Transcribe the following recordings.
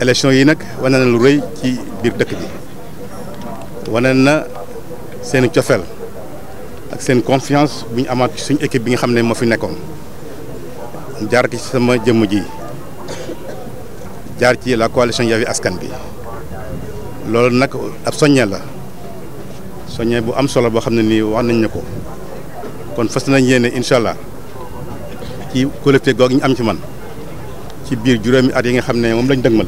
élection yi nag wane na lu rëy ci biir dëkk bi wane na seen cofeel ak seen confiance bu ñu amaat suñu équipe bi nga xam ne moo fi nekkoon jaar ci sama jëmm ji jaar ci la coalition Yewwi Askan bi loolu nag ab soññee la soññee bu am solo boo xam ne nii wax nañ ñu ko kon fas nañ yéene incha allah ci collectif googu ñu am ci man ci biir juróomi at yi nga xam ne moom lañ dëgmal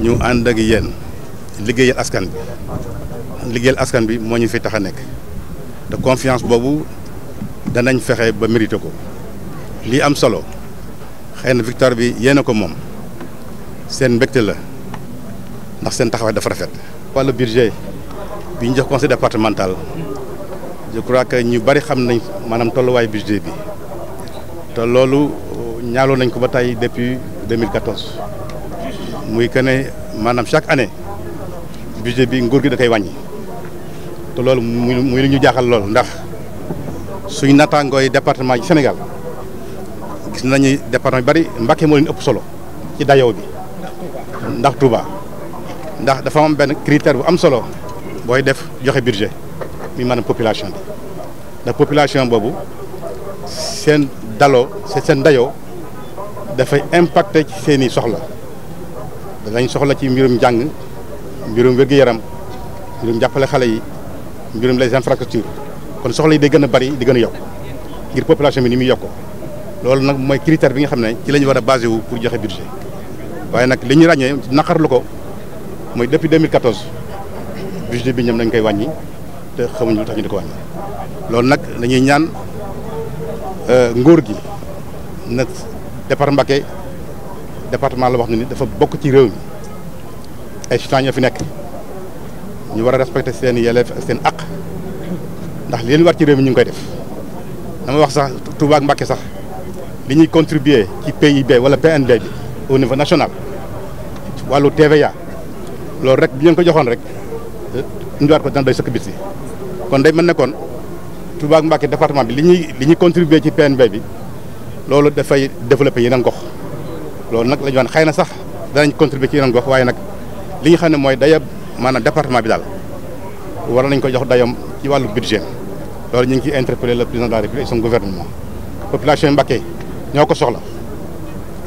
ñu ànd ak yéen liggéeyal askan bi liggéeyal askan bi moo ñu fi tax a nekk te confiance boobu danañ fexe ba mérité ko lii am solo xëy na victoire bi yéen a ko moom seen mbégte la ndax seen taxawaay dafa rafet. wàllu budget bi ñu jox conseil départemental je crois que ñu bari xam nañ maanaam tolluwaay budget bi te loolu ñaaloo nañ ko ba tey depuis 2014. muy que ne maanaam chaque année budget bi nguur gi da koy wàññi te loolu muy muy li jaaxal loolu ndax suñ nattaangooy département yi Sénégal gis nañu département yu bari Mbacké moo leen ëpp solo ci dayoo bi ndax Touba ndax dafa am benn critère bu am solo booy def joxe budget mi maanaam population bi ndax population boobu seen daloo seen dayoo dafay impacté ci seen i soxla danañ soxla ci mbirum njàng mbirum wér-gu-yaram mbirum jàppale xale yi mbirum les infrastructures kon soxla yi day gën a bari di gën a yokk ngir population bi ni muy yokk loolu nag mooy critère bi nga xam ne ci la ñu war a basé wu pour joxe budget waaye nag li ñu ràññee naqarlu ko mooy depuis 2014 budget bi ñoom dañ koy wàññi te xamuñ lu tax ñu di ko wàññi loolu nag dañuy ñaan euh, nguur gi nag départ Mbacké département la wax ne ni dafa bokk ci réew mi ay citoyen ñoo fi nekk ñu war a respecté seen yelleef ak seen aq ndax li leen war ci réew mi ñu ngi koy def dama wax sax tubaak ak sax li ñuy contribuer ci PIB wala PNB bi au niveau national wàllu TVA loolu rek bi ñu ko joxoon rek eh, indiwaat ko dana doy sëkk bis kon day mën nekkoon tubaak Touba ak bi li ñuy li ñuy contribuer ci PNB bi loolu dafay développer yeneen gox loolu nag la ñu xëy na sax danañ contribuer ci yeneen waaye nag li nga xam ne mooy dayab maanaam département bi daal war nañ ko jox dayam ci wàllu budget loolu ñu ngi ciy interpellé le président de la république et son gouvernement population Mbacké ñoo ko soxla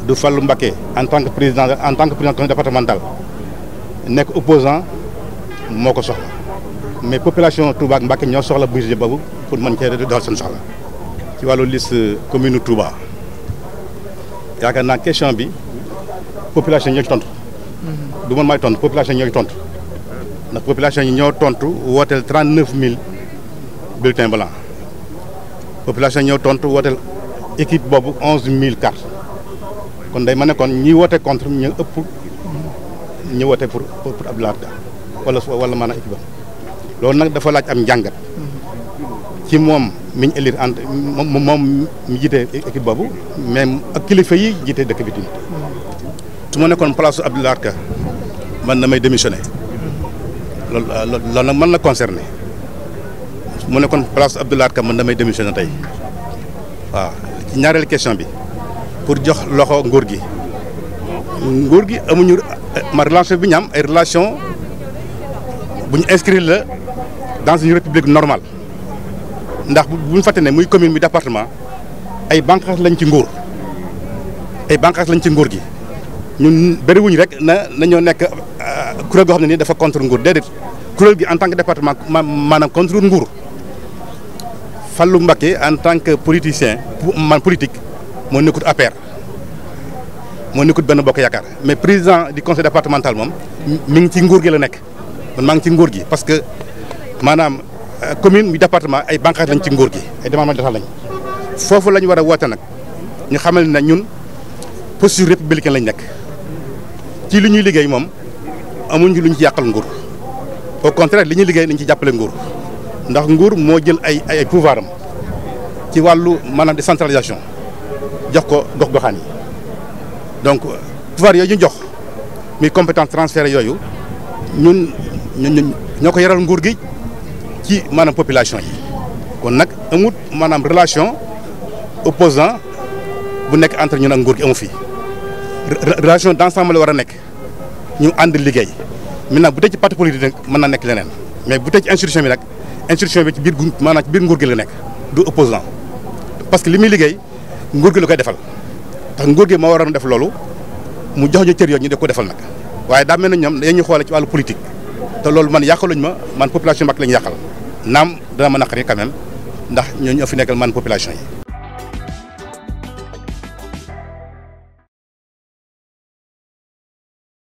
du Fallou Mbacké en tant que président en tant que président conseil départemental nekk opposant moo ko soxla mais population Touba ak ñoo soxla budget boobu pour mën cee doxal seen soxla ci wàllu liste commune Touba yaakaar naa question bi population ñoo ci tontu. Mhm. du man maay tontu population ñoo ci tontu ndax population yi ñoo tontu wooteel trente neuf mille bulletins blancs population ñoo tontu wooteel équipe boobu onze mille cartes kon day ma ne kon ñi woote contre ñu ëpp ñu woote pour pour Abdoulaye Wade wala wala maanaam équipe am loolu nag dafa laaj am njàngat. ci moom mi ñu élire entre moom moom mi jiite équipe boobu mais ak kilifa yi jiite dëkk bi tamit su ma nekkoon place su Abdoulaye Ka man damay démissionné ah, loolu loolu nag man la concerné su ma nekkoon place su Abdoulaye Ka man damay démissionné tey waaw ci ñaareelu question bi pour jox loxo nguur gi nguur gi amuñu ma relation bi ñu am ay relation bu ñu inscrire la dans une république normale. ndax bu ñu fàtte ne muy commune bi département ay bànqaas lañ ci nguur ay bànqaas lañ ci nguur gi ñun bëriwuñ rek na nañoo nekk euh, kuréel goo xam ne nii dafa contre nguur déedéet kuréel gi en tant que département maanaam contre nguur Fallou Mbacké en tant que politicien man politique moo nekkut APR moo nekkut benn bokk yaakaar mais président di conseil départemental moom mi ngi ci nguur gi la nekk man maa ci nguur gi parce que maanaam. Euh, commune muy département ay bànqaas lañ ci nguur gi ay demande lañ lañ foofu lañ war a woote nag ñu xamal ne ñun posture républicaine lañ nekk ci li ñuy liggéey moom amuñu lu ñu ci yàqal nguur au contraire li ñuy liggéey nañ ci jàppale nguur ndax nguur moo jël ay ay ci wàllu maanaam décentralisation jox ko gox goxaan donc pouvoir yooyu ñu jox muy compétence transféré yooyu ñun ñun ñoo ko yaral nguur gi. ci maanaam population yi kon nag amut maanaam relation opposant bu nekk entre ñu ak nguur gi amu fi relation d'ensemble la war a nekk ñu ànd liggéey maintenant bu dee ci parti politique nag mën na nekk leneen mais bu dee ci institution bi nag institution bi ci biir maanaam ci biir nguur gi la nekk du opposant parce que li muy liggéey nguur gi la koy defal tax nguur gi moo waroon def loolu mu jox ñu cër yooyu ñu def ko defal nag waaye daa mel na ñoom dañuy xoole ci wàllu politique loolu man yàqaluñ ma man population Mbacké la ñu yàqal naam dana ma naqari quand même ndax ñooñu ñoo fi nekkal man population yi